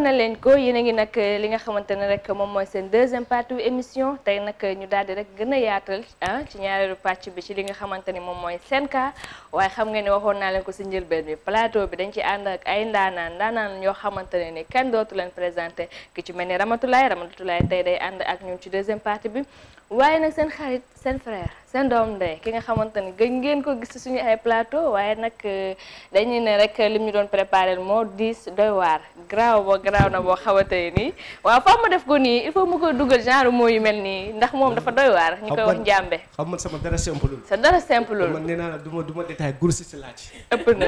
waxoon na leen ko yéen a ngi nag li nga xamante ne rek moom mooy seen deuxième partie émission tey nag ñu daal di rek gën a yaatal ah ci ñaareelu pàcc bi ci li nga xamante ni moom mooy seen cas waaye xam nga ne waxoon naa leen ko si njëlbeen bi plateau bi dañ ci ànd ak ay ndaanaan ndaanaan ñoo xamante ne ni kenn dootu leen présenté ki ci mel ni ramatulaay Ramatoulaye tey day ànd ak ñoom ci deuxième partie bi waaye nag seen xarit seen frère seen doom ndey ki nga xamante ni gëj ngeen ko gis suñu ay plateau waaye nag euh, dañuy ne rek lim ñu doon préparé moo diis doy waar garaaw ba garaaw na boo xamante nii waaw faaw ma def ko nii il faut mu ko dugal genre moo yu mel nii ndax moom dafa doy waar. ñu koy wax njàmbe xam man sama dara simple sa dara simple loolu. man nee naa la du ma du ma détaillé gursi si laaj. ëpp na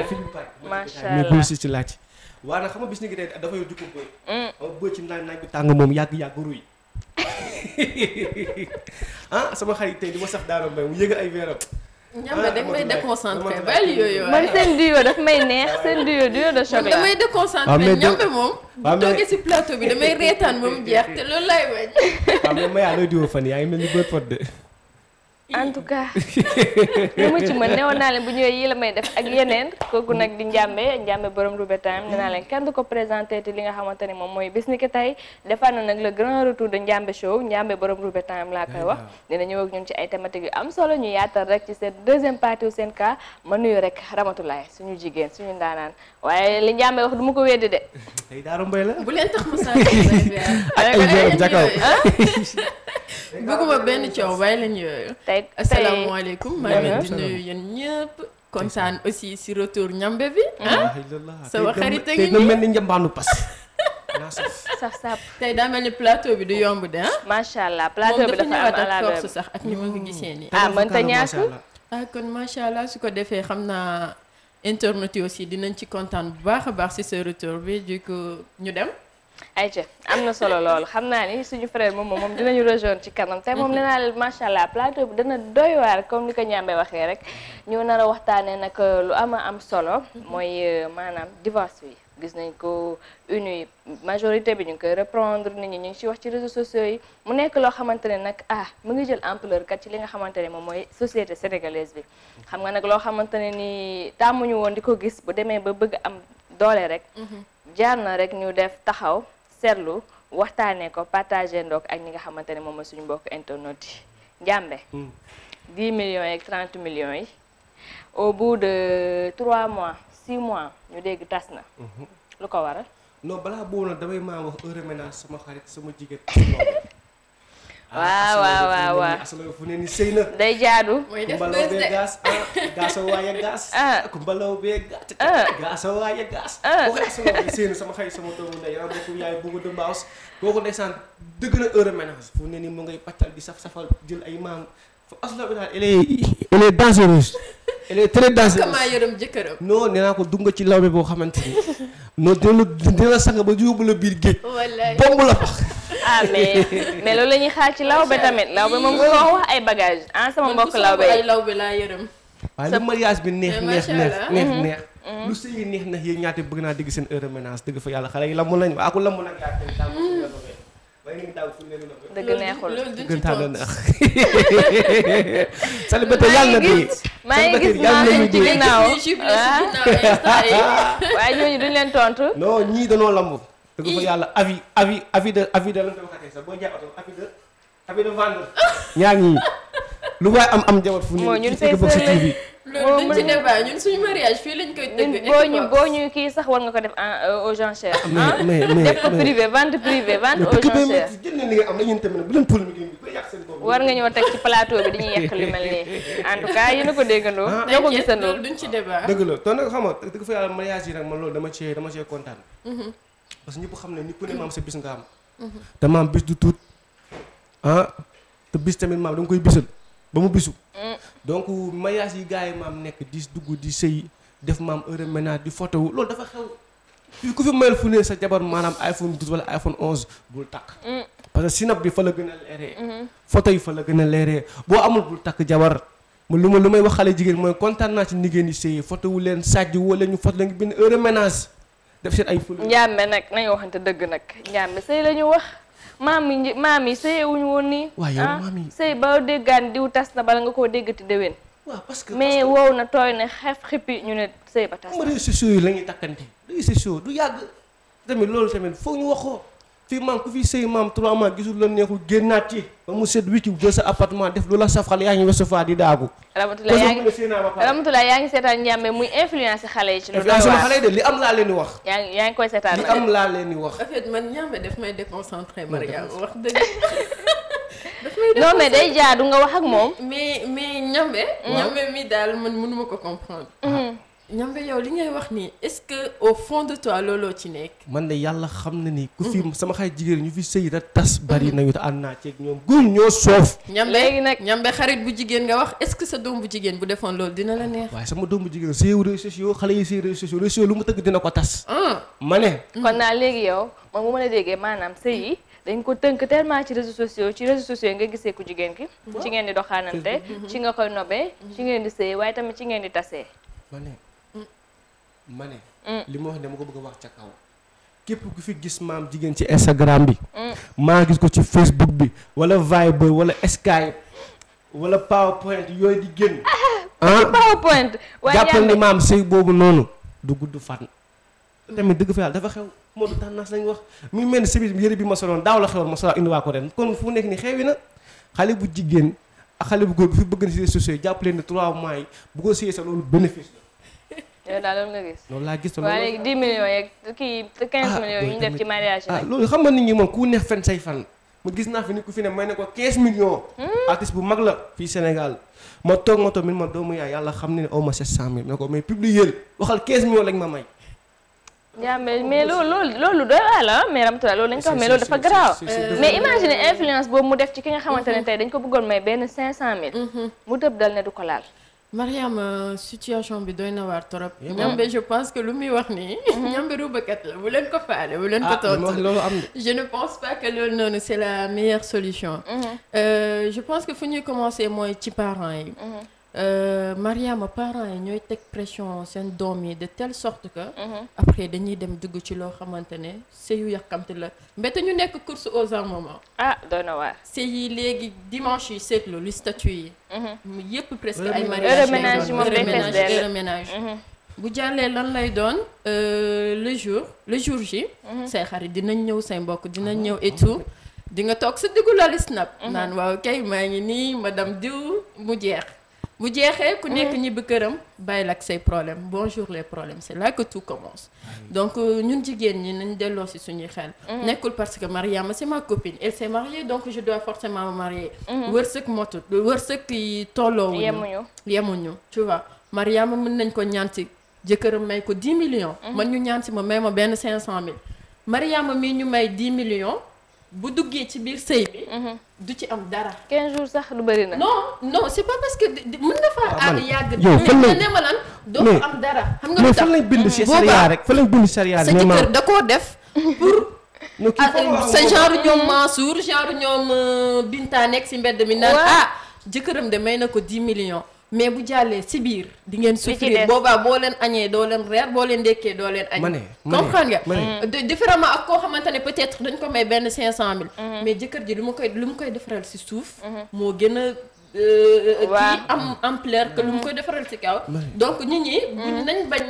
macha allah si laaj. waaw nag xam bis ni ngi tey dafay dugg bëy. xam mm. nga bëy ci naaj ah sama xarit tey di ma sax daanaka mbay mu yëg ay weeram. ñamba da may déconcentré bal yooyu man seen duo daf may neex seen duo duo de choc la damay déconcentré ah, ñamba moom bu ah, si plateau bi damay reetaan moom jeex te loolu laay bañ. waaw ah, mais Maya looy duo fan yaa ngi mel ni góor pot de. en tout cas li mu ci mën newoon naa leen bu ñëwee yii la may def ak yeneen kooku nag di njàmbe njàmbe borom Roubé Time nee naa leen kenn du ko présenté te li nga xamante ni moom mooy bis ni ki tey defar na nag le grand retour de njàmbe show njàmbe borom Roubé Time laa koy wax dina ñëw ak ñun ci ay thématiques yu am solo ñu yaatal rek ci seen deuxième partie seen cas ma nuyu rek Ramatulaay suñu jigéen suñu ndaanaan waaye li njàmbe wax du ma ko weddi de. tey Daara Mboy la. bu leen tax mu ah? benn coow bàyyi leen yooyu. tey aussi si retour ñambe bi. Mm. Ah? a ngi nii mel ni njambaanu bi du yomb de ah? macha allah plateau sax ak ni ma ko gisee nii. ah mënta ñaatu. ah kon macha su ko defee xam naa. internet yi aussi dinañ ci kontaan bu baax a baax ci sa retour bi du coup ñu dem. ay ca am na solo lool xam naa ni suñu frère moom moom dinañu rejoindre ci kanam tey moom nee naa leen macha allah plateau bi dana doy waar comme ni ko ñàmbee waxee rek ñu nar a waxtaanee nag lu ama am solo. Mm-hmm. mooy euh, maanaam divorce yi gis nañ ko unu majorité bi ñu koy reprendre nit ñi ñu ngi ci wax ci réseaux sociaux yi mu nekk loo xamante ne nag ah mu ngi jël ampleur kat ci li nga xamante ne moom mooy société sénégalaise bi xam nga nag loo xamante ne ni tàmmuñu woon di ko gis bu demee ba bëgg am doole rek mhm. jaar na rek ñu def taxaw seetlu waxtaanee ko partagé ndoog ak ñi nga xamante ne moom mooy suñu mbokk internet yi njàmbe 10 hmm. millions yeeg 30 yi au bout de 3 mois six mois ñu dégg tas na. Mhm. lu ko waral. non balaa boobu nag damay maa wax heure sama xarit sama jigéen ah, waaw waaw waaw waaw asalaamaaleykum fu ne ni sëy na. day jaadu. muy bee gaas. Ah, gaas waaye gaas. Ah. boo ko asalaamaaleykum sëy dëgg na heure ménage fu ne ni mu ngay pàccal di saf safal jël ay maam fa asalaamaaleykum elle est elle est dangereuse. elle est très dangereuse comment yërëm jëkkëram. nee naa ko dugg nga ci lawbe boo xamante ni non dina la dina la sang ba yóbbu la biir géej. wallaay bomb la pax. Ah, mais loolu la ñuy xaar ci lawbe tamit lawbe moom bu ko wax ay bagages ah sama mbokk lawbe ay lawbe laa yërëm. waaw li mariage bi neex neex neex mm-hmm. neex neex. Mm-hmm. lu sëy neex neex yéen ñaate bëgg naa dégg seen heure ménage dëgg fa yàlla xale yi lamb lañ waa ah, ku lamb nag yaa dëgg neexul loolu duñ ci toog célibataire yàlla na di maa ngi gis maa ngi ci ginnaaw waaye duñ leen tontu. non ñii dañoo lamb. dëgg fa yàlla avis avis avis de avis de lan koy waxatee sax boo ñaar ñii lu waay am am jabar fu ñu. moo ñun loolu dañ ci débat ñun suñu mariage fii lañ koy dëgg boo ñu boo ñu kii sax war nga ko def ah, euh, aux enchères ah, ah? def ko privé vente privé vente aux enchères war nga ñoo teg ci plateau bi dañuy yekk lu a ko déggandoo ñoo ko gisandoo duñ ci débat dëgg la ton xam nga dëgg fa yàlla mariage yi nag man loolu dama cee mm-hmm. mm-hmm. ah te bis tamit maam da koy bisal ba mu bisu mm. donc mariage yi gars yi maam nekk di dugg di sëy def maam heure ménage di photo loolu dafa xew ku fi mayal fu ne sa jabar maanaam iPhone 12 wala iPhone 11 bul takk. Mm. parce que sinap bi fa la gën a leeree. Mm-hmm. photo yi fa la gën a leeree boo amul bul takk jabar. mu lu ma lu may wax xale jigéen mooy kontaan naa ci nigéen yi sëy photo wu leen sàjj woo leen ñu photo leen benn heure ménage def seen ay. ful njàmbe nag nañu waxante dëgg nag njàmbe sëy la ñu wax. maam yi maam yi sëyewuñu woon nii. waaw yow ah, maam yi ba déggaan diw tas na bala nga koo déggati déwén. waaw parce que mais wow na tooy na xef xippi ñu ne sëy ba tas na. réseaux sociaux yi la ñuy takkante réseaux sociaux du yàgg tamit loolu tamit foog ñu waxoo. fii maam ku fi sëy maam trois mois la neexul génnaat ci ba mu set wicc jël sa appartement def lu la safal yaa ngi wesu faa di daagu Ramatoulaye yaa ngi seetaan njàmbe muy influence xale yi ci lu influence ma xale yi de li am laa leen di wax yaa ngi yaa ngi koy seetaan li am laa leen di wax en fait may déconcentré Maria wax moom mais mais ñambe ñambe mm. mi daal man mënuma ko comprendre mm-hmm. ñambe yow li ngay wax nii est-ce que au fond de toi looloo ci nekk. man de yàlla xam na ni. ku fi mhm. sama xarit jigéen ñu fi sëy da tas bari mhm. nañu te ànd naa ceeg ñoom góor ñoo soof. ñambe léegi xarit bu jigéen nga wax est-ce que sa doom bu jigéen bu defoon loolu dina la neex. waaye sama doom bu jigéen sëy réseaux sociaux sociaux lu mu tëgg dina ko tas. Ah. ma ne. Mhm. kon naa léegi yow man bu ma la déggee maanaam sëy yi. dañ ko tënk tellement ci réseaux sociaux ci réseaux sociaux nga gisee ku jigéen ki ci ngeen di doxaanante ci nga koy nobee ci ngeen di sëy waaye tamit ci ngeen di tasee ma ne. Mm. li ma wax dama ko bëgg a wax ca kaw. képp ku fi gis maam jigéen ci Instagram bi. Mm. maa gis ko ci Facebook bi wala Viber wala Skype wala PowerPoint yooyu di génn. ah PowerPoint. waaye jàppal ni maam sëy boobu noonu du gudd fan. tamit dëgg fa yàlla dafa xew moo du wax mu mel ni semis yëre bi ma soloon daaw la xewoon ma soloon indiwaa ko ren kon fu nekk ni xewi na xale bu jigéen ak xale bu góor bu fi bëgg na si réseaux sociaux jàpp leen ne 3 mois bu ko séyee sa loolu bénéfice yow daal loolu nga gis. loolu laa gis. waaye léegi 10 millions yeeg kii 15 millions yu ñu def ci mariage yi. loolu xam nga nit ñi moom ku neex fen say fan. ma fi ku fi ne may ne ko 15 millions. artiste bu mag la fii Sénégal. ma toog ma toog min ma doomu yaay yàlla xam ne ne aw ma ne ko mais publier waxal 15 millions lañ ma may. yaa mais loolu loolu doy waar la mais Ramatoulaye loolu lañ ko wax mais loolu dafa garaaw. mais imagine influence boobu mu def ci ki nga xamante ne tey dañ ko bëggoon may benn 500000. mu tëb dal ne ko laal. Mariam euh, situation bi doy na waar trop. Eh, ñambe je pense que lu muy wax nii. Mhm. ñambe rubakat la bu leen ko faale bu leen ko ah, tontu. loolu am je ne pense pas que loolu noonu c' la meilleure solution. Mhm. Euh, je pense que fu ñuy commencer mooy ci parents yi. Mhm. Euh, Mariama parents yi ñooy teg pression seen doom yi de telle sorte que. Mhm. après dañuy dem dugg ci loo xamante ne sëy yu yàkkamti la mbete ñu nekk course aux un moment. ah doy na waar. yi léegi dimanche yi seetlu lu statut yi. Mhm. yëpp presque ay mariage ménage heure bu jàllee lan lay doon euh, le jour le jour ji. Mhm. say xarit dinañ ñëw say mbokk dinañ ñëw et tout. di nga toog si diggu la snap. naan waaw kay maa ngi nii madame diw mu jeex. bu jeexee ku nekk mm. ñibbi këram bàyyil ak say problème bonjour les problème c'est là que tout commence donc euh, ñun jigéen ñi nañ delloo si suñuy xel mm. nekkul parce que Mariama c'est ma copine elle s'est mariée donc je dois forcément me marier mm. wërsëg motut wërsëg yi tolloowuñu yemuñu yemuñu tu vois Mariama mën nañ ko ñaanti jëkkëram may ko 10 millions man mm-hmm. ñu ñaan si ma may ma benn cinq cent mille Mariama mii ñu may 10 millions bu duggee ci biir sëy bi. Mhm. du ci am dara. 15 jours sax lu bëri na. no non c'est pas parce que mën na faa ah, aar yàgg. yow fan lañ ne ma lan doo am dara. xam nga mais fan lañ bind si sariya rek fan lañ bind sariya rek. sa da koo def pour. Ah, sa genre ñoom Mansour genre ñoom euh, Binta nekk si mbedd mi naan ah jëkkëram de may na ko 10 millions. mais bu jàllee si biir di ngeen souffrir boobaa boo leen añee doo leen reer boo leen dékkee doo leen añ comprendre nga mm. différemment ak koo xamante ne peut-être dañ ko may benn cinq cent mille mm-hmm. mais jëkkër ji lu mu koy lu ma koy defaral si suuf mm-hmm. moo gën a euh, euh, kii am ampleur que lu mu mm-hmm. koy defaral si kaw donc ñi ñi nañ bañ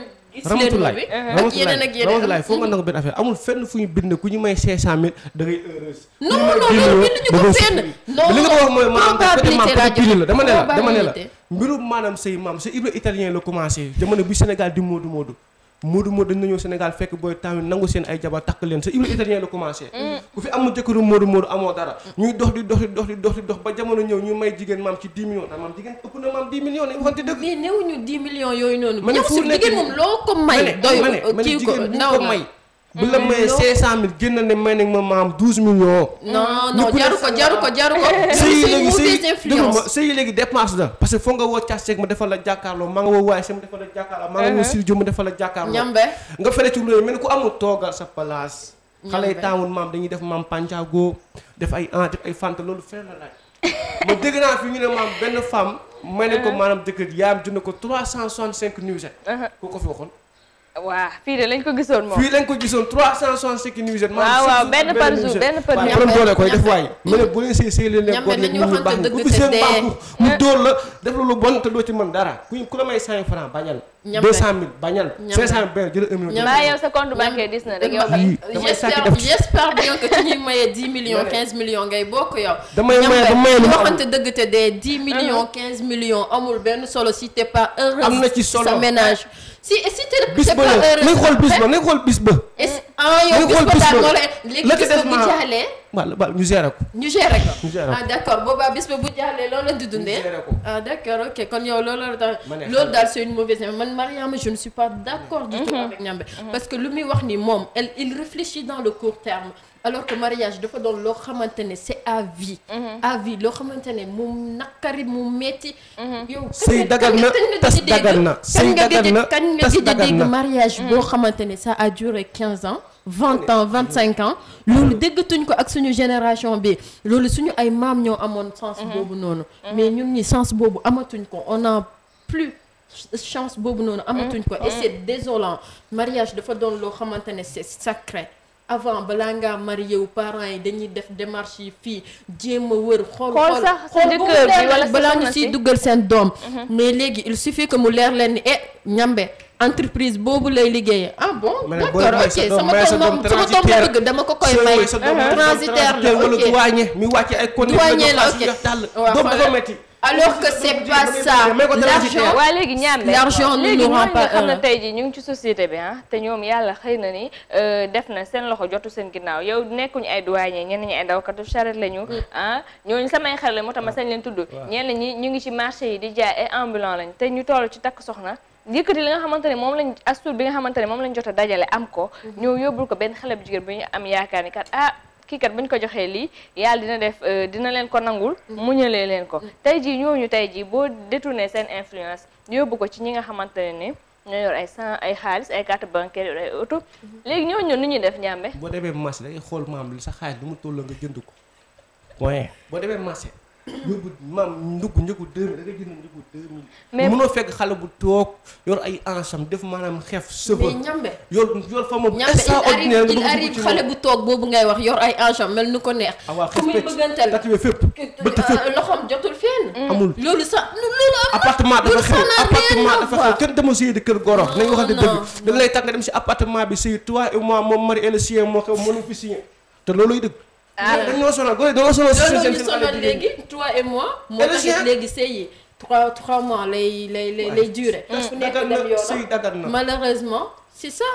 Ramatoulaye bi Ramatoulaye foo nga nangu benn affaire amul fenn fu ñu bind ku ñu may 500000 da ngay heureuse. non non non binduñu ko fenn. non non non non non non non non non non non non non non mbirum maanaam sëy maam sa Ibra italien la commencé jamono bu Sénégal di moodu moodu moodu moodu dañ na fekk booy temps nangu seen ay jabar takk leen sa Ibra italien la commencé mm. ñuy dox di dox di dox di dox di dox ba jamono ñëw ñu may jigéen maam ci 10 millions ndax maam jigéen ëpp na maam 10 millions ne waxante dëgg mais néewuñu 10 millions yooyu noonu ma ne fu nekk jigéen moom loo ko may doy ma ne jigéen bu ko may bu la mm. mayee 500000 génn ne may nañ ma maam 12 millions. non ah. non jaru ko jaru ko jaru ko. sëy léegi sëy léegi dépense la. parce que foo nga woo Thiaseck ma defal la jàkkaarloo ma defal la jàkkaarloo. maa nga woo uh-huh. Sidiou ma defal la jàkkaarloo. ñambe nga fële ci loolu mel ni ku amul toogal sa place. xale yi taawul maam dañuy def maam Pancago def ay an def ay fanta loolu fenn la laaj. ma dégg naa fi ñu ne maam benn femme. may ne ko uh-huh. maanaam dëkk yaayam jënd ko 365 nuisette. Uh-huh. ku ko fi waxoon. waaw fii de lañ ko gisoon moom. fii lañ ko gisoon 365 nuisette. waaw waaw benn par jour benn par jour. borom doole koy def waay. ma ne bu leen see see mu dóor la def la lu bon te doo ci mën dara ku la may 5 francs bañal. ñam deux cent mille bañal. cinq yow sa compte bancaire dis na rek yow. j'espère bien que ci ñuy maye dix millions quinze millions ngay bokk yow. damay maye ba maye lu ma xamante dëgg te de dix millions quinze millions amul benn solo si t'es pas heureuse. am na ci solo sa ménage. si si te ba la nañ ah, xool ba nañ ba. est ba daal moo lay. léegi baal baal ñu gérer ko. ñu gérer ko ñu gérer ko ah d'accord boobaa bis ba bu jaaxlee loolu la di dundee. Ah, d'accord ok kon yow loolu la tax. loolu daal c'est une mauvaise man Mariama je ne suis pas d'accord du mm-hmm. avec Niambé mm-hmm. parce que lu muy wax ni moom il réfléchit dans le court terme. alors que mariage dafa doon loo xamante c'est mm-hmm. à vie. loo xamante mu naqari mu metti. yow sëy dagal na tas dagal na sëy dagal na tas dagal na kañ nga gëj a dégg mariage boo xamante ne a duré quinze ans. vingt ans vingt cinq ans loolu déggatuñ ko ak suñu génération bi loolu suñu ay maam ñoo amoon sens mhm. boobu noonu mhm. mais ñun ñi sens boobu amatuñ ko on na plus chance boobu noonu amatuñ ko et mhm. c'est désolant mariage dafa doon loo xamante ne c'est sacré avant balaa ngaa marié wu parents yi dañuy def démarche yi fii jéem a wër xool xool xool bu mu leer balaa ñu siy duggal seen doom mais léegi il suffit que mu leer leen ni eh ñambe entreprise boobu lay liggéeyee ah bon d'accord ok moom sama tool bëgg dama ko koy may transitaire la ok douanier mi wàcce ay douanier la ok doomu waa léegi ñaan la l'argent ne nous léegi tey jii ñu ngi ci société bi ah te ñoom yàlla xëy na ni euh, def na seen loxo jotu seen ginnaaw yow nekkuñu ay douanier ñenn ñi ay dawkatu charrette lañu mm. ah ñooñu samay xel la moo tax ma ah. sañ leen tudd ñeen ñi ñu ngi ci marché yi di jaay ay ambulant lañ te ñu toll ci takk soxna yëkkati li nga xamante ne moom lañ astuur bi nga ne moom lañ jot a dajale am ko mhm. ñëw yóbbul ko benn xale bu jigéen bu ñu am yaakaar ni kat ah kii kat buñ ko joxee lii yàlla dina def euh, dina leen ko nangul mhm. ñëlee leen ko mhm. tey jii ñooñu tey jii boo détourné seen influence yóbbu ko ci ñi nga xamante ne ni ñoo yor ay san ay xaalis ay carte bancaire yor ay auto léegi ñooñu nu ñuy def njàmbe boo demee marché dangay xool maam li sa xaalis lu mu toll nga jënd ko boo demee marché yóbbu maam ndugg njëgu deux mille da ngay jënd njëgu deux mille. mais fekk xale bu toog yor ay ancham def maanaam xef sëba. mais ñambe yor yor fa moom. extraordinaire nga bëgg a dugg toog boobu ngay wax yor ay ancham mel ni ko neex. ah waaw xeex tatuwee fépp bët fépp euh, loxoom jotul fenn. Mm. amul loolu sax loolu amul. appartement dafa xew kenn dama sëy di kër goro. nañ wax de dëgg dañ lay tàgg nga dem si appartement bi sëy toi et moom mari et le sien moo xew mënu fi signé te looluy dëgg ah dañ ñoo sonal góor yi dañoo sonal. sonal léegi toi et moi. moo tax léegi sëy yi trois trois mois lay lay lay durer. ku nekk dem yoonam malheureusement c'est ça.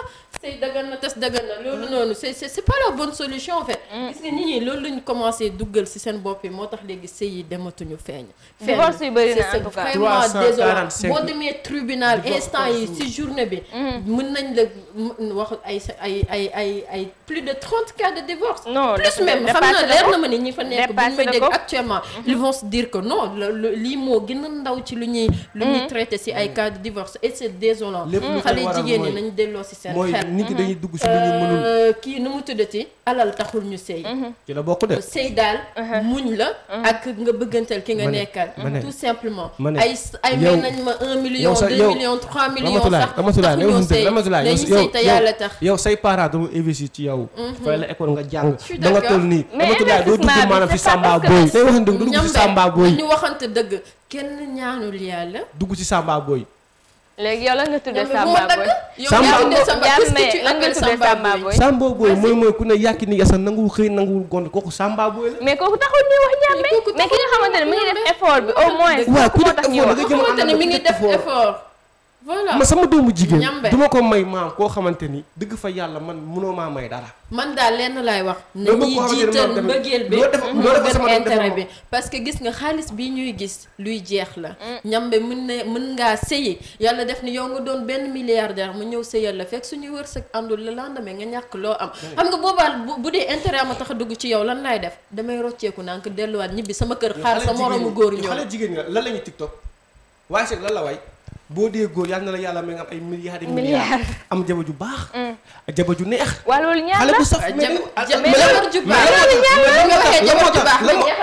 sëy dëgër na tas dëgër na loolu noonu c'est c'est pas la bonne solution en gis nga loolu lañ commencé duggal ci seen bopp yi moo tax léegi sëy yi dematuñu feeñ. divorce yi bëri na en tout cas vraiment désolé boo demee tribunal instant bi. mën nañ la wax ay ay ay ay ay plus de trente cas de divorce. plus même xam na leer na ma ni ñi fa nekk bu ñu may dégg actuellement. ils vont se dire que non lii moo gën a ndaw ci lu ñuy. lu ñuy traité ci ay cas de divorce et c'est désolant. xale jigéen ñi nañ delloo ci seen xel. nit ñi dañuy dugg si lu ñu mhm. mënul. Euh, kii nu mu tuddati alal taxul ñu sëy. Mhm. ci la bokk de. sëy daal mhm. la. ak nga bëggantal ki nga nekkal. tout simplement. ay ay may nañ ma un million deux millions trois millions sax. Ramatulaay Ramatulaay Ramatulaay yow sëy te yàlla tax. yow say parents dañu investir ci yow. fay la école nga jàng. da nga toll nii Ramatulaay doo dugg maanaam fi Samba Boy. tey waxante dëgg ci Samba Boy. ñu waxante dëgg kenn ñaanul yàlla. dugg ci Samba Boy. léegi yow lan nga tuddee Samba Boy lan nga tuddee Samba Boy Samba Boy mooy mooy ku ne yàkki ni yasan nanguwul xëy nanguwul gont kooku Samba Boy la mais kooku taxul ñuy wax jàmme mais ki nga xamante ne mi ngi def effort bi au moins waaw ku def effort nga jëm mi ngi def effort voilà ma sama doomu jigéen ñambe du ma ko may maam koo xamante ni dëgg fa yàlla man munoo maa may dara. man daal lenn laay wax. nañuy jiital mbëggeel bi loolu intérêt bi parce que gis nga xaalis bi ñuy gis luy jeex la. Mm. ñambe mën na mën ngaa sëyi yàlla def ni yow nga doon benn milliardaire mu ñëw sëyal la fekk suñuy wërsëg àndul le lendemain nga ñàkk loo am. Mm. xam nga boobaal bu dee intérêt ma tax a dugg ci yow lan laay def damay rocceeku naa ko delluwaat ñibbi sama kër xaar sa moroomu góor ñëw xale jigéen nga lan lañu tiktok waaye lan la way boo dee góor yàlla na la yàlla may nga am ay milliards et am jaba ju baax. jaba ju neex. waa loolu ñaar la xale bu saf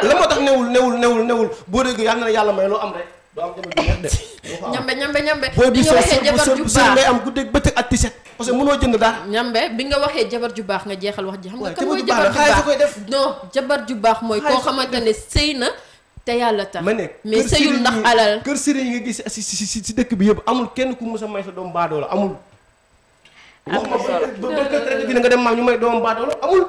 la moo tax newul newul newul newul boo dee góor yàlla na loo am rek doo am jaba ju neex de. ñambe ñambe ñambe. bi nga jabar ju baax am guddeeg bëccëg ak tiset parce que mënoo jënd dara. ñambe bi nga waxee jabar ju baax nga jeexal wax ji. xam nga kan mooy jabar ju baax non jabar ju baax mooy koo xamante ne sëy na te yàlla tax ma ne mais sëyul ndax alal kër sëriñ yi nga gis si si dëkk bi yëpp amul kenn ku mës a may sa doom baadoo la amul am na solo bëggante dina nga dem maam ñu may doomam baadoolo amul.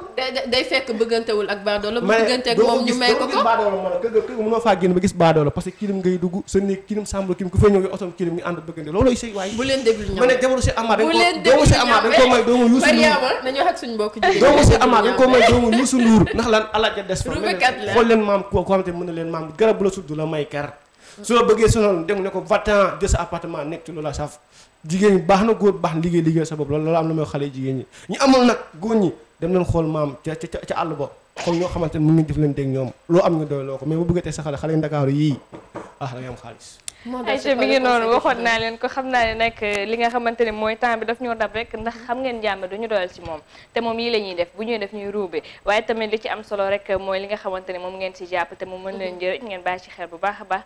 day fekk bëggantewul ak baadoolo. bu bëgganteeg moom ñu may ko ko baadoolo man kër kër mënoo faa génn ba gis baadoolo parce que kilim ngay dugg sa néeg kilim sàmblu kilim ku fa ñëw nga otom kilim ñu ànd bëggante looloo sëy waay. bu leen déglu ñoom ma ne jabaru si amaat dañ ko doomu si amaat dañ ko may doomu eh. Youssou Ndour nañu wax ak suñu mbokk ji doomu si amaat dañ ko may doomu Youssou Ndour ndax lan ala ja des fa xool leen maam koo xamante mën na leen maam garab bu la sudd la may kar su la bëggee sonal dem ne ko vatan de sa appartement nekk ci loola saf jigéen baax na góor baax na liggéey liggéey sa bopp loolu loolu am na mooy xale jigéen ñi ñu amul nag góor ñi dem leen xool maam ca ca ca àll ba xool ñoo xamante ne mën nga jëf leen dégg ñoom loo am nga doy loo ko mais bu bëggatee sa xale xale ndakaaru yii ah da ngay am xaalis ayca bi ngi noonu waxoon naa leen ko xam naa ne nag eh, li nga xamante ne mooy temps bi daf ñoo dab rek ndax xam ngeen jàmm duñu doyal ci moom te moom yi la ñuy def bu ñuy def ñuy ruube waaye tamit li ci am solo rek mooy li nga xamante ne moom ngeen ci jàpp te mu mën leen mm-hmm. jëriñ ngeen bàyyi ci xel bu baax a baax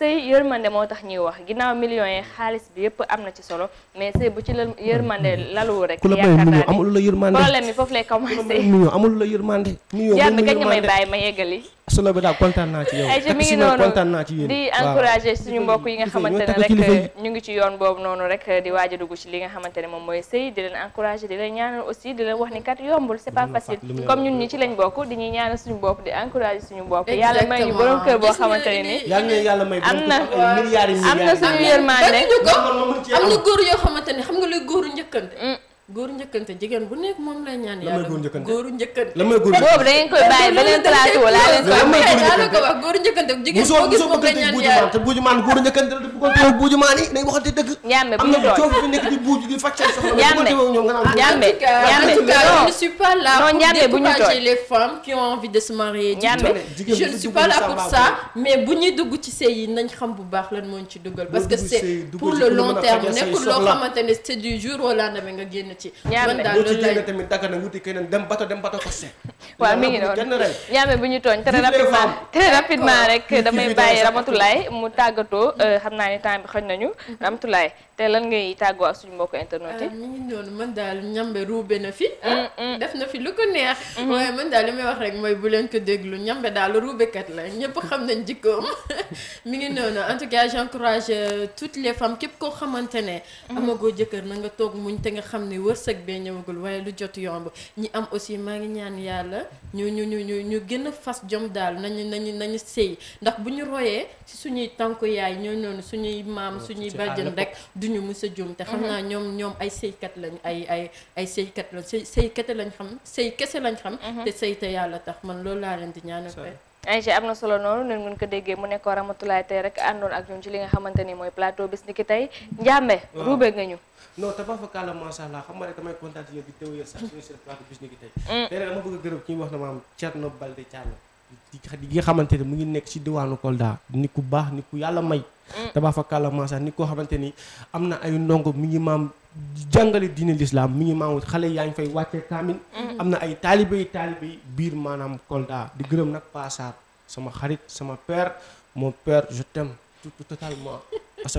sëy yërmande moo tax ñuy wax ginnaaw millions yi xaalis bi yëpp am na ci solo mais sëy bu ci mm-hmm. la yërmande laluwu rek ku la may million amul la foofu lay commencé million amul la yërmande million yàlla nga ñu may bàyyi ma yeggali solo bi daal kontaan naa ci yow. ayca mi ngi noonu di encourager suñu mbokk yi nga xamante rek ñu ngi ci yoon boobu noonu rek di waaj a dugg ci li nga xamante ne moom mooy sëy di encourager di ñaanal aussi di wax ni kat yombul comme ñun ñi ci lañ bokk di ñuy ñaanal suñu bopp di encourager suñu bopp yàlla may ñu borom kër boo xamante ne am na am na suñu am na góor yoo xamante xam nga luy góoru njëkkante mm. góor njëkkante jigéen bu nekk moom lay ñaan yàlla góor njëkkante la may góor boobu da ngeen koy bàyyi beneen plateau laa leen ko wax góor njëkkante jigéen boo gis moom lay ñaan yàlla te buuju maan góor njëkkante la bu ko teew buuju maan yi dañ waxante dëgg ñambe bu ñu doon coof fi nekk di buuju di fàccee soxla ñambe ñambe ñambe je ne suis pas là pour décourager les femmes qui ont envie de se marier je ne suis pas là pour ça mais bu ñuy dugg ci sëy yi nañ xam bu baax lan moo ñu ci duggal parce que c'est pour le long terme nekkul loo xamante ne c'est du jour au lendemain nga génn na ci. ñaame daal loolu la ci tamit dagg na wuti keneen dem bato dem bato ko se. waaw mi ngi noonu ñaame bu ñu tooñ très rapidement très rapidement ah. rek damay bàyyi Ramatoulaye mu tàggatoo euh, xam naa ne temps bi xoj nañu mm-hmm. Ramatoulaye te lan ngay tàggoo ak suñu mbokku internet yi. mi ah, ngi noonu man daal ñambe ruube na fi. Ah, mm, mm. def na fi lu ko neex. Mm-hmm. waaye man daal li may wax rek mooy bu leen ko déglu ñambe daal ruubekat la ñëpp xam nañ jikkoom mi ngi noonu en tout cas j'encourage euh, toutes les femmes képp koo xamante ne. Mm-hmm. amagoo jëkkër na nga toog muñ te nga xam ne wërsëg bee ñëwagul waaye lu jot yomb ñi am aussi maa ngi ñaan yàlla ñu ñu ñu ñu ñu gën a fas jom daal nañu nañu nañu sëy ndax bu ñu royee ci suñuy tànku yaay ñoo noonu suñuy maam suñuy bàjjen rek. duñu mës a juum te xam mhm. naa ñoom ñoom ay sëykat lañ ay ay ay sëykat lañ sëy sëy kese lañ xam sëy kese lañ xam mhm. te sëy yàlla tax man loolu laa leen di ñaanal Aïcha am na solo noonu nen ngeen ko déggee mu nekkoon Ramatoulaye tey rek àndoon ak ñun ci li nga xamante ni mooy plateau bis ni ki tey njàmbe ruube nga ñu non tabafakala macha allah sax suñu seen plateau bis ni ki tey mm. tey dama bëgg a gërëm ci wax na maam Thierno Balde Thiano di nga xamante ne mu ngi nekk ci diwaanu Kolda nit ku baax nit ku yàlla may mm. tabaafakàlla maasa ni koo xamante ni am na ay ndongo mi ngi maam jàngale dina lislaam mi ngi maam xale yaa ngi fay wàcce kaamin mm. am na ay taalibe yi taalibe biir maanaam Kolda di gërëm nag Pasar sama xarit sama per mon per je t'aime totalement parce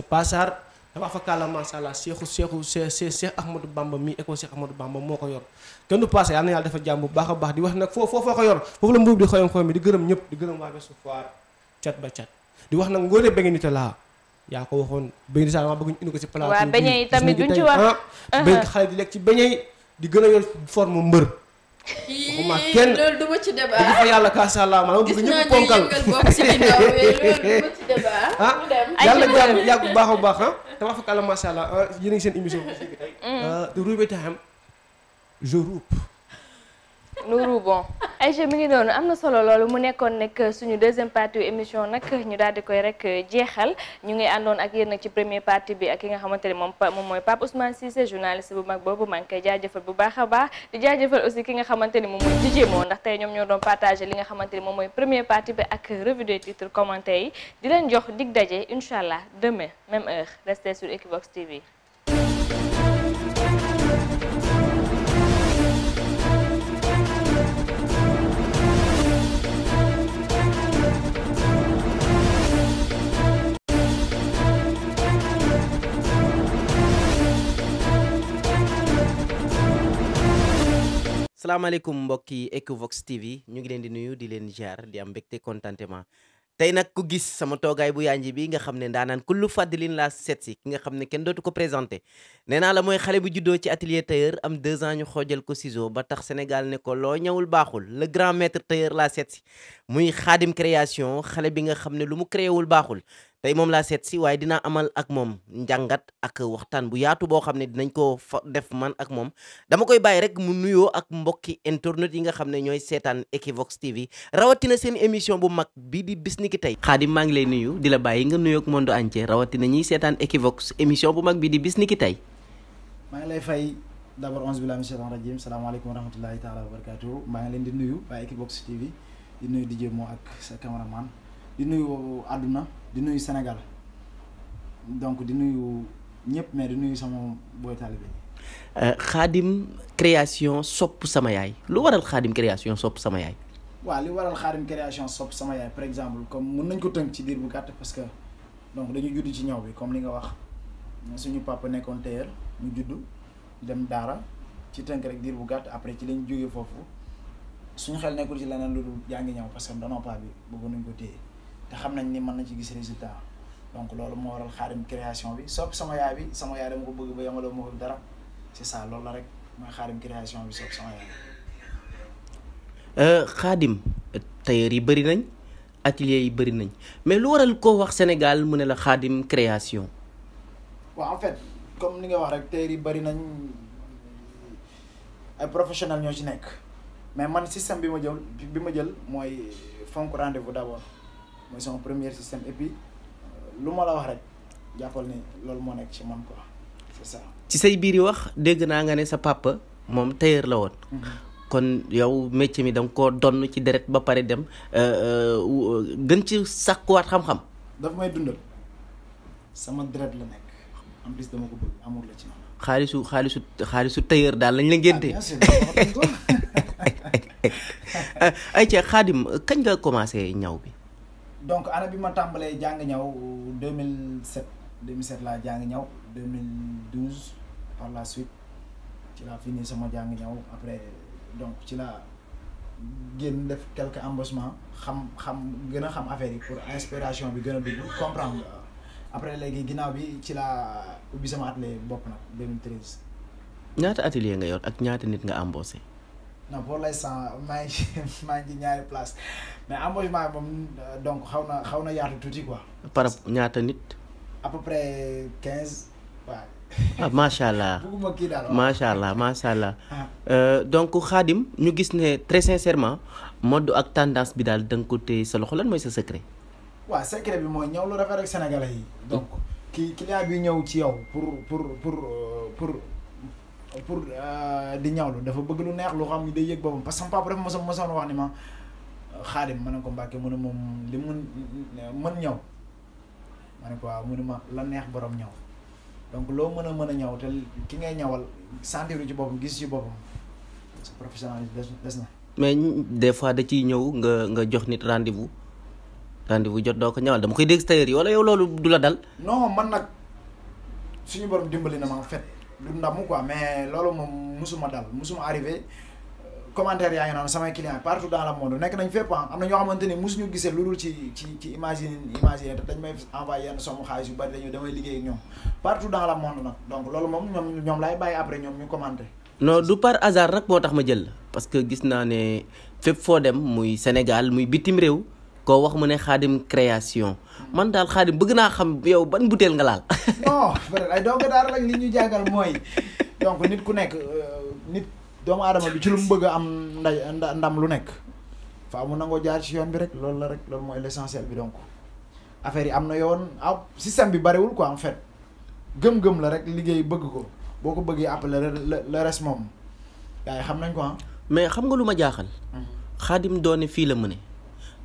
wax fa kàlla macha allah seexu seexu see seex Ahmadou Bamba mi école seex Ahmadou Bamba moo ko yor kenn du passé yal na yàlla dafa jàmm baax a baax di wax nag foofu foo ko yor foofu la mbuub di xoyom xoyom di gërëm ñëpp di gërëm waa Ouest Foire cat ba cat di wax nag ngóore ba ngeen laa yaa ko waxoon bëñ di sax maa bëgg ñu indi ko ci plateau waaw beñe yi tamit duñ ci wax ah, xale di lekk ci beñe di gën a yor forme mbër waxuma kenn loolu du ci débat wax yàlla kaasa allah ma gis naa ñuy yëngal ah, yàlla jaam yàgg bu baax a baax ah. tabax fakk ah, a ngi seen émission te mm. ah, Roube Time je roupe. nous roubons. Aïcha mi ngi noonu am na solo loolu mu nekkoon nag suñu deuxième partie émission nag ñu daal di koy rek euh, jeexal ñu ngi àndoon ak yenn ci premier partie bi ak ki nga xamante ne moom moom mooy Pape Ousmane Cissé journaliste bu mag boobu maa ngi bu baax a baax di aussi ki nga xamante ni moom mooy DJ ndax tey ñoom ñoo doon partagé li nga xamante ni moom mooy première partie bi ak revue des titres commentaires yi di leen jox dig daje incha allah demain même heure restez sur Equivox TV. salaamaaleykum mbokki Equivox TV ñu ngi leen di nuyu di leen jaar di am mbégte contentement tey nag ku gis sama toogaay bu yaanji bi nga xam ne ndaanaan kullu fàddilin laa seet si ki nga xam ne kenn dootu ko présenté nee naa la mooy xale bu juddoo ci atelier tailleur am deux ans ñu xoojal ko siso ba tax Sénégal ne ko loo ñëwul baaxul le grand maître tailleur laa seet muy xaadim création xale bi nga xam ne lu mu créé wul baaxul tey moom laa seet si waaye dinaa amal ak moom njàngat ak waxtaan bu yaatu boo xam ne dinañ ko fa def man ak moom dama koy bàyyi rek mu nuyoo ak mbokki internet yi nga xam ne ñooy seetaan Equivox TV rawatina seen émission bu mag bi di bis ni ki tey Xaadim maa ngi lay nuyu di la bàyyi nga nuyoog monde entier rawatina ñiy seetaan Equivox émission bu mag bi di bis ni tey maa ngi lay fay d'abord onze billahi mina shaytan salaamaaleykum wa rahmatullahi taala wa maa ngi leen di nuyu waa Equivox TV di nuyu DJ Mo ak sa cameraman di nuyu àdduna di nuyu Sénégal donc di nuyu ñëpp mais di nuyu sama booy taalibe euh, xaadim création sopp sama yaay lu waral xaadim création sopp sama yaay. waaw li waral xaadim création sopp sama par exemple comme mun nañ ko tënk ci diir bu gàtt parce que donc dañu judd ci ñaw bi comme li nga wax suñu papa nekkoon tailleur ñu juddu dem daara ci tënk rek diir bu gàtt après ci lañ jógee foofu suñu xel nekkul ci leneen lu dul jàngi ñaw parce que ndono paa bi bëggoon nañ ko téye. te xam nañ ni mën na ci gis résultat donc loolu moo waral xaadim création bi soppi sama yaay bi sama yaay dama ko bëgg ba yamaloo ma ko dara c'est ça loolu la rek mooy xaadim création bi soppi sama yaay. xaadim euh, tailleur yi bëri nañ atelier yi bëri nañ mais lu waral koo wax Sénégal mu ne la xaadim création. waaw en fait comme ni nga wax rek tailleur yi bëri nañ ay professionnels ñoo ci nekk mais man système bi ma jël bi ma jël mooy fonk rendez-vous d'abord. mooy sama premier système et euh, lu ma la wax rek jàppal loolu moo nekk ci ci say biir yi wax dégg naa nga ne sa papa moom tailleur la woon. Mhm. kon yow métier mi da nga koo donn ci deret ba pare dem euh, euh, gën ci sàkkuwaat xam-xam. dafa may sama deret la nekk en plus dama xaalisu xaalisu xaalisu daal lañ la ah, ngénte ay ca xaadim kañ nga commencé ñaw bi. donc année bi ma tàmbalee jàng ñaw 2007 2007 laa jàng ñaw 2012 par la suite ci laa fini sama jàng ñaw après donc ci laa génn def quelque embossement xam xam gën a xam affaire yi pour inspiration bi gën a dugg comprendre nga après léegi ginnaaw bi ci laa ubbi sama atelier bopp nag ñaata atelier nga yor ak ñaata nit nga embauché. non pour l'instant maa ngi ci maa ngi ci ñaari place mais embauchement euh, na xaw na yaatu tuuti quoi. nit. à quinze ah, waaw. ah macha allah bëgguma kii macha allah macha allah. donc Khadim ñu gis ne très sincèrement mode ak tendance bi daal da nga ko téye sa loxo lan mooy sa secret. waaw secret bi mooy ñëw lu rafet ak sénégalais yi. donc ki client bi ñëw ci yow pour pour. Euh, pour euh, di ñawlu dafa bëgg lu neex lu xam ni day yëg boppam parce que sama papa dafa mosa mosoon wax ni ma xaadim ma ko mbàkke mu ne moom li man mën ñaw ma ko waaw mu ne ma la neex borom ñaw donc loo mën a mën a ñaw te ki ngay ñawal sentir ci boppam gis ci boppam parce que professionnalisme des fois da ciy ñëw nga nga jox nit rendez-vous rendez-vous jot doo ko ñawal dama koy dégg tailleur yi wala yow man nag suñu borom dimbali na ma en du ndam quoi mais loolu moom musuma dal musuma arrivé commentaire yaa ngi noonu samay client partout dans le monde nekk nañ fépp ah. am na ñoo xamante ni musuñu gisee lu dul ci ci ci imagine imagine dañ may envoyé yenn somme xaalis yu bari dañu damay liggéey ñoom partout dans le monde nag donc loolu moom ñoom ñoom laay bàyyi après ñoom ñu commenté. non du par hasard nag moo tax ma jël la parce que gis naa ne fépp foo dem muy Sénégal muy bitim réew. koo wax mu ne xaadim création man daal xaadim bëgg naa xam yow ban butéel nga laal. non ay donc daara rek mooy donc nit ku nekk euh, nit doomu aadama bi ci lu mu bëgg a am nday ndam lu nekk faa mu nangoo jaar ci yoon bi rek loolu la rek loolu mooy l'essentiel bi donc affaire yi am na yoon ah système bi bariwul ko en fait gëm-gëm la rek liggéey bëgg ko boo ko bëggee appelé le le moom waaye xam nañ ko ah. mais xam nga lu ma jaaxal. xaadim hmm. doone fii la mu ne.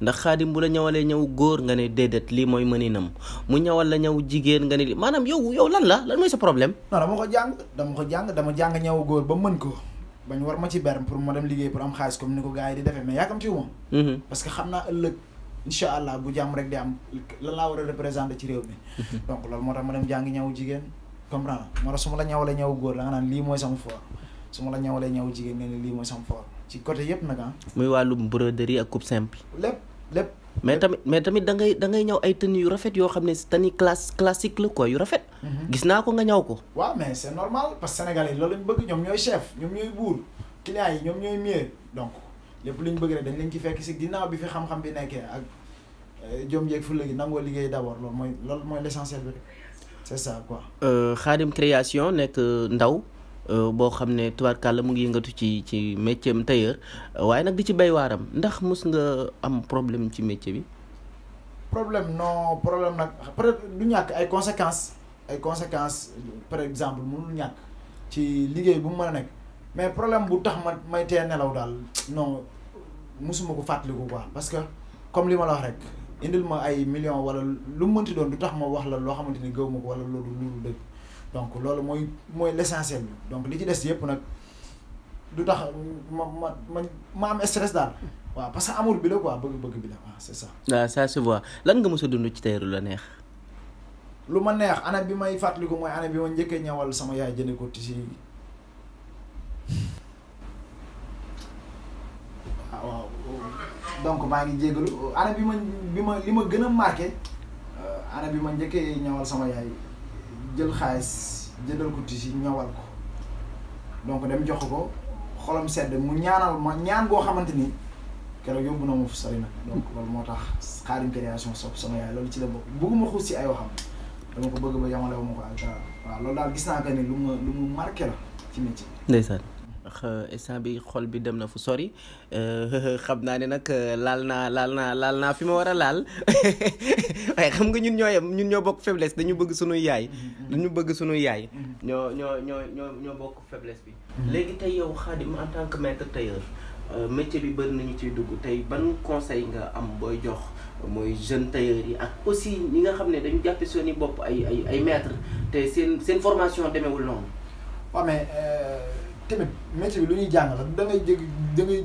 ndax xaadim bu la ñëwalee ñëw góor nga ne déedéet lii mooy mëninam mu ñëwal la ñëw jigéen nga ne li maanaam yow yow lan la lan mooy sa problème non dama ko jàng dama ko jàng dama jàng ñëw góor ba mën ko bañ war ma ci ber pour ma dem liggéey pour am xaalis comme ni ko gars yi di mm-hmm. parce que xam naa ëllëg incha allah bu jàmm rek di am lan laa war a représenté ci réew mi mm-hmm. donc loolu moo ma dem jàngi jigéen comprendre moo tax su ma la ñëwalee ñëw góor la lii mooy sama fort su ma la ñëw jigéen nga ne lii mooy sama fort ci côté yëpp nag a ah. muy wàllum broderie ak coupe simple lépp lépp mais tamit mais tamit da ngay da ñëw ay tenue yu rafet yoo xam ne tenue classe classique la quoi yu rafet. Mhm. gis naa ko nga ñëw ko. waaw mais c'est normal parce que sénégalais loolu lañ bëgg ñoom ñooy chef ñoom ñooy buur clients yi ñoom ñooy mieux donc lépp lu ñu bëgg rek dañ leen ci fekk si ginnaaw bi fi xam-xam bi nekkee ak euh, jom jee fulla gi nangoo liggéey d'abord loolu mooy loolu mooy l'essentiel bi rek c'est ça quoi. Euh, Khadim création nekk euh, ndaw. Euh, boo xam ne tubaarkàlla mu ngi yëngatu ci ci métier am euh, waaye nag di ci bay waaram ndax mës nga am problème ci métier bi. problème non problème nag peut être du ñàkk ay conséquences ay conséquence par exemple mënul ñàkk ci liggéey bu mu mën a nekk mais problème bu tax ma may tee nelaw daal non musuma ko fàttaliku quoi parce que comme li ma la wax rek indil ma ay millions wala lu mu mënti doon du tax ma wax la loo xamante ni gëw ma ko wala loolu loolu dëgg. donc loolu mooy mooy l'essentiel bi donc li ci des yëpp nag du tax ma ma ma ma am stress daal waaw parce que amour bi la quoi bëgg-bëgg bi la waaw c'est sax waaw ah, ça se voit lan nga mos a dund ci Taïru la neex. lu ma neex année bi may fàttaliku mooy année bi ma njëkkee ñawal sama yaay jëndee ko ci ah, waaw maa ngi jégalu bi ma bi ma li ma gën a marqué euh, année bi ma njëkkee ñawal sama yaay. jël xaalis jëndal ko tisi ñawal ko donc dem jox ko xolam sedd mu ñaanal ma ñaan goo xamante ni keroog yóbbu na ma fu sori nag donc loolu moo tax Khadim création sopp sama yaay loolu ci la bokk bëgguma xuus si ay waxam dama ko bëgg ba yamale wu ma ko ak dara waaw loolu daal gis naa que ni lu ma lu mu marqué la ci métier. ndeysaan. Euh, instant bi xol bi dem na fu sori euh, xam naa ne nag euh, laal naa laal naa laal naa fi ma war a laal xam nga ñun ñoo yem ñun ñoo bokk faiblesse dañu bëgg sunuy yaay. dañu bëgg sunuy yaay. ñoo ñoo ñoo ñoo ñoo bokk faiblesse bi. léegi tey yow Khadim en tant que maître tailleur métier bi bëri nañu ciy dugg tey ban conseil nga am booy jox mooy jeune tailleur yi ak aussi ñi nga xam ne dañu jàppe seeni bopp ay ay ay te seen seen formation demeewul noonu. waaw tamit métier bi lu ñuy jàng la da ngay jég da ngay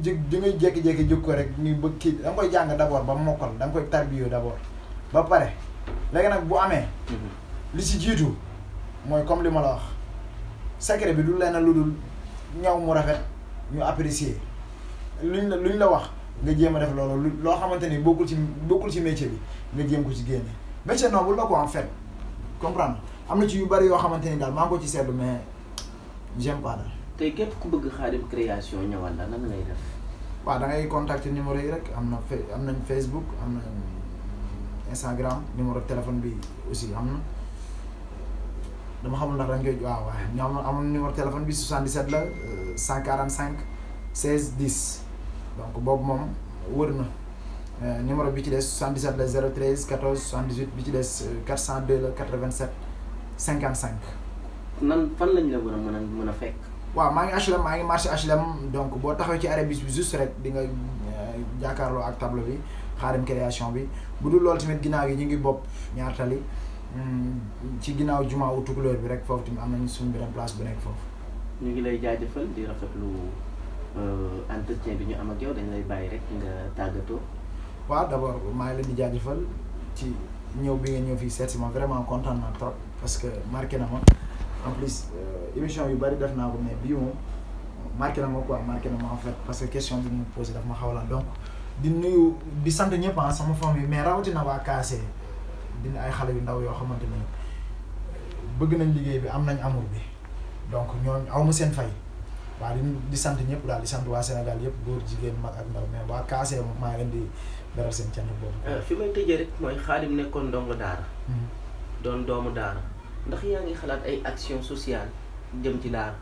jég da ngay ko rek ni ba kii da nga koy jàng d' abord ba mokkal da nga koy tarbiyoo d' abord ba pare léegi nag bu amee mhm. li si jiitu mooy comme li ma la wax secret bi du lenn lu dul ñaw mu rafet ñu apprécier luñ la luñ la wax nga jéem a def loolu loo xamante ni bokkul ci bokkul ci métier bi nga jéem ko ci génne métier noble la ko en fait comprendre am na ci yu bari yoo xamante ni daal maa ngi ko ci seetlu mais j'aime pas te képp ku bëgg Khadim création ñëwal la nan lay def. waaw da ngay contacter numéro yi rek am na fa am nañ Facebook am na Instagram numéro téléphone bi aussi am na dama xamul ndax da nga koy waaw waaye ñu am amoon numéro téléphone bi 77 la 145 16 10 donc boobu moom wër na. Euh, numéro bi ci des 77 la 013 14 78 bi ci des 402 euh, la 87 55. nan fan lañ la war a mën a mën a fekk. waaw maa ngi HLM maa ngi marché HLM donc boo taxawee ci arrêt bis bi juste rek di nga euh, jàkkaarloo ak tableau bi xaarim création bi bu dul lool tamit ginaaw yi ñu ngi bopp ñaar tali hmm, ci ginnaaw jumaa wu tukulóor bi rek foofu tamit am nañu suñ beneen place bu nekk foofu. ñu ngi lay jaajëfal di rafetlu euh, entretien bi ñu am ak yow dañ lay bàyyi rek nga tàggatoo. waaw d' abord maa ngi leen di jaajëfal ci ñëw bi nga ñëw fii seet si ma vraiment kontaan naa trop parce que marqué na en plus euh, émission yu bari def naa ko mais bi moom marqué na ma quoi marqué na ma en fait parce que question bi mu posé daf ma xaw la donc di nuyu di sant ñëpp ah sama famille mais rawatina waa Kaase dina ay xale yu ndaw yoo xamante ni bëgg nañ liggéey bi am nañ amour bi donc ñooñu aw ma seen fay waaw di di sant ñëpp daal di sant waa Sénégal yëpp góor jigéen mag ak ndaw mais waa Kaase maa ngi leen di beral seen cant boobu. Euh, fi may tëjee rek mooy Xaadim nekkoon ndax yaa ngi xalaat ay action sociale jëm ci daara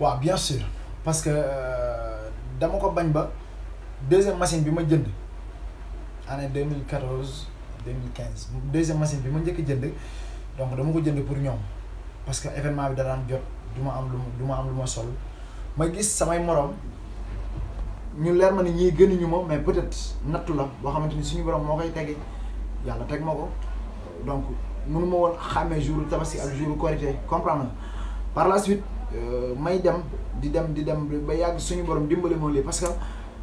waaw bien sûr parce que euh, dama ko bañ ba deuxième machine bi ma jënd année deux mille quatorze deux mille quinze deuxième machine bi ma njëkk a jënd donc dama ko jënd pour ñoom parce que événement bi dara am jot du ma am lu ma am lu ma sol ma gis samay morom ñu leer ma ni ñuy gënuñu ma mais peut-être nattu la boo xamante ni suñu borom moo koy tege yàlla teg ma ko donc mënu ma woon xàmmee jour tabaski ak jour korité comprendre par la suite euh, may dem di dem di dem ba yàgg suñu borom dimbali moom lii parce que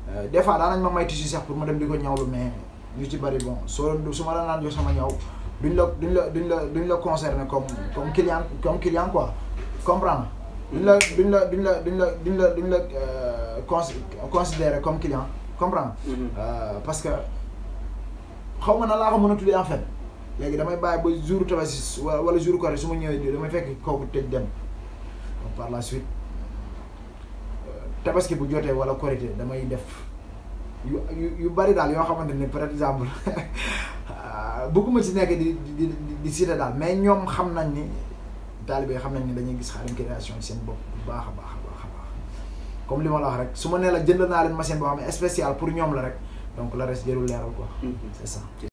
euh, des fois daanañ ma may tissu sax pour ma dem di ko ñawlu mais ñu ci bari bon soo su ma la naan jox sama ñaw duñ la duñ la duñ la duñ la concerné comme comme client comme client quoi comprendre duñ la duñ la duñ la duñ la duñ la duñ la euh, considéré comme client comprendre mm-hmm. parce que xaw ma na laa ko mën a tuddee en fait léegi damay bàyyi ba jour tabaski wala jour korite su ma ñëwee di damay fekk kooku tëj dem donc par la suite euh, tabaski bu jotee wala korite damay def yu yu bari daal yoo xamante ne par exemple bëgguma ci nekk di di di cité daal mais ñoom xam nañ ni taalibe xam nañ ni dañuy gis Khadim Création seen bopp bu baax a baax a baax baax comme li ma la wax rek su ma nee la jënd naa leen machine boo xam ne spécial pour ñoom la rek donc la reste jarul leeral quoi. Mm-hmm. c'est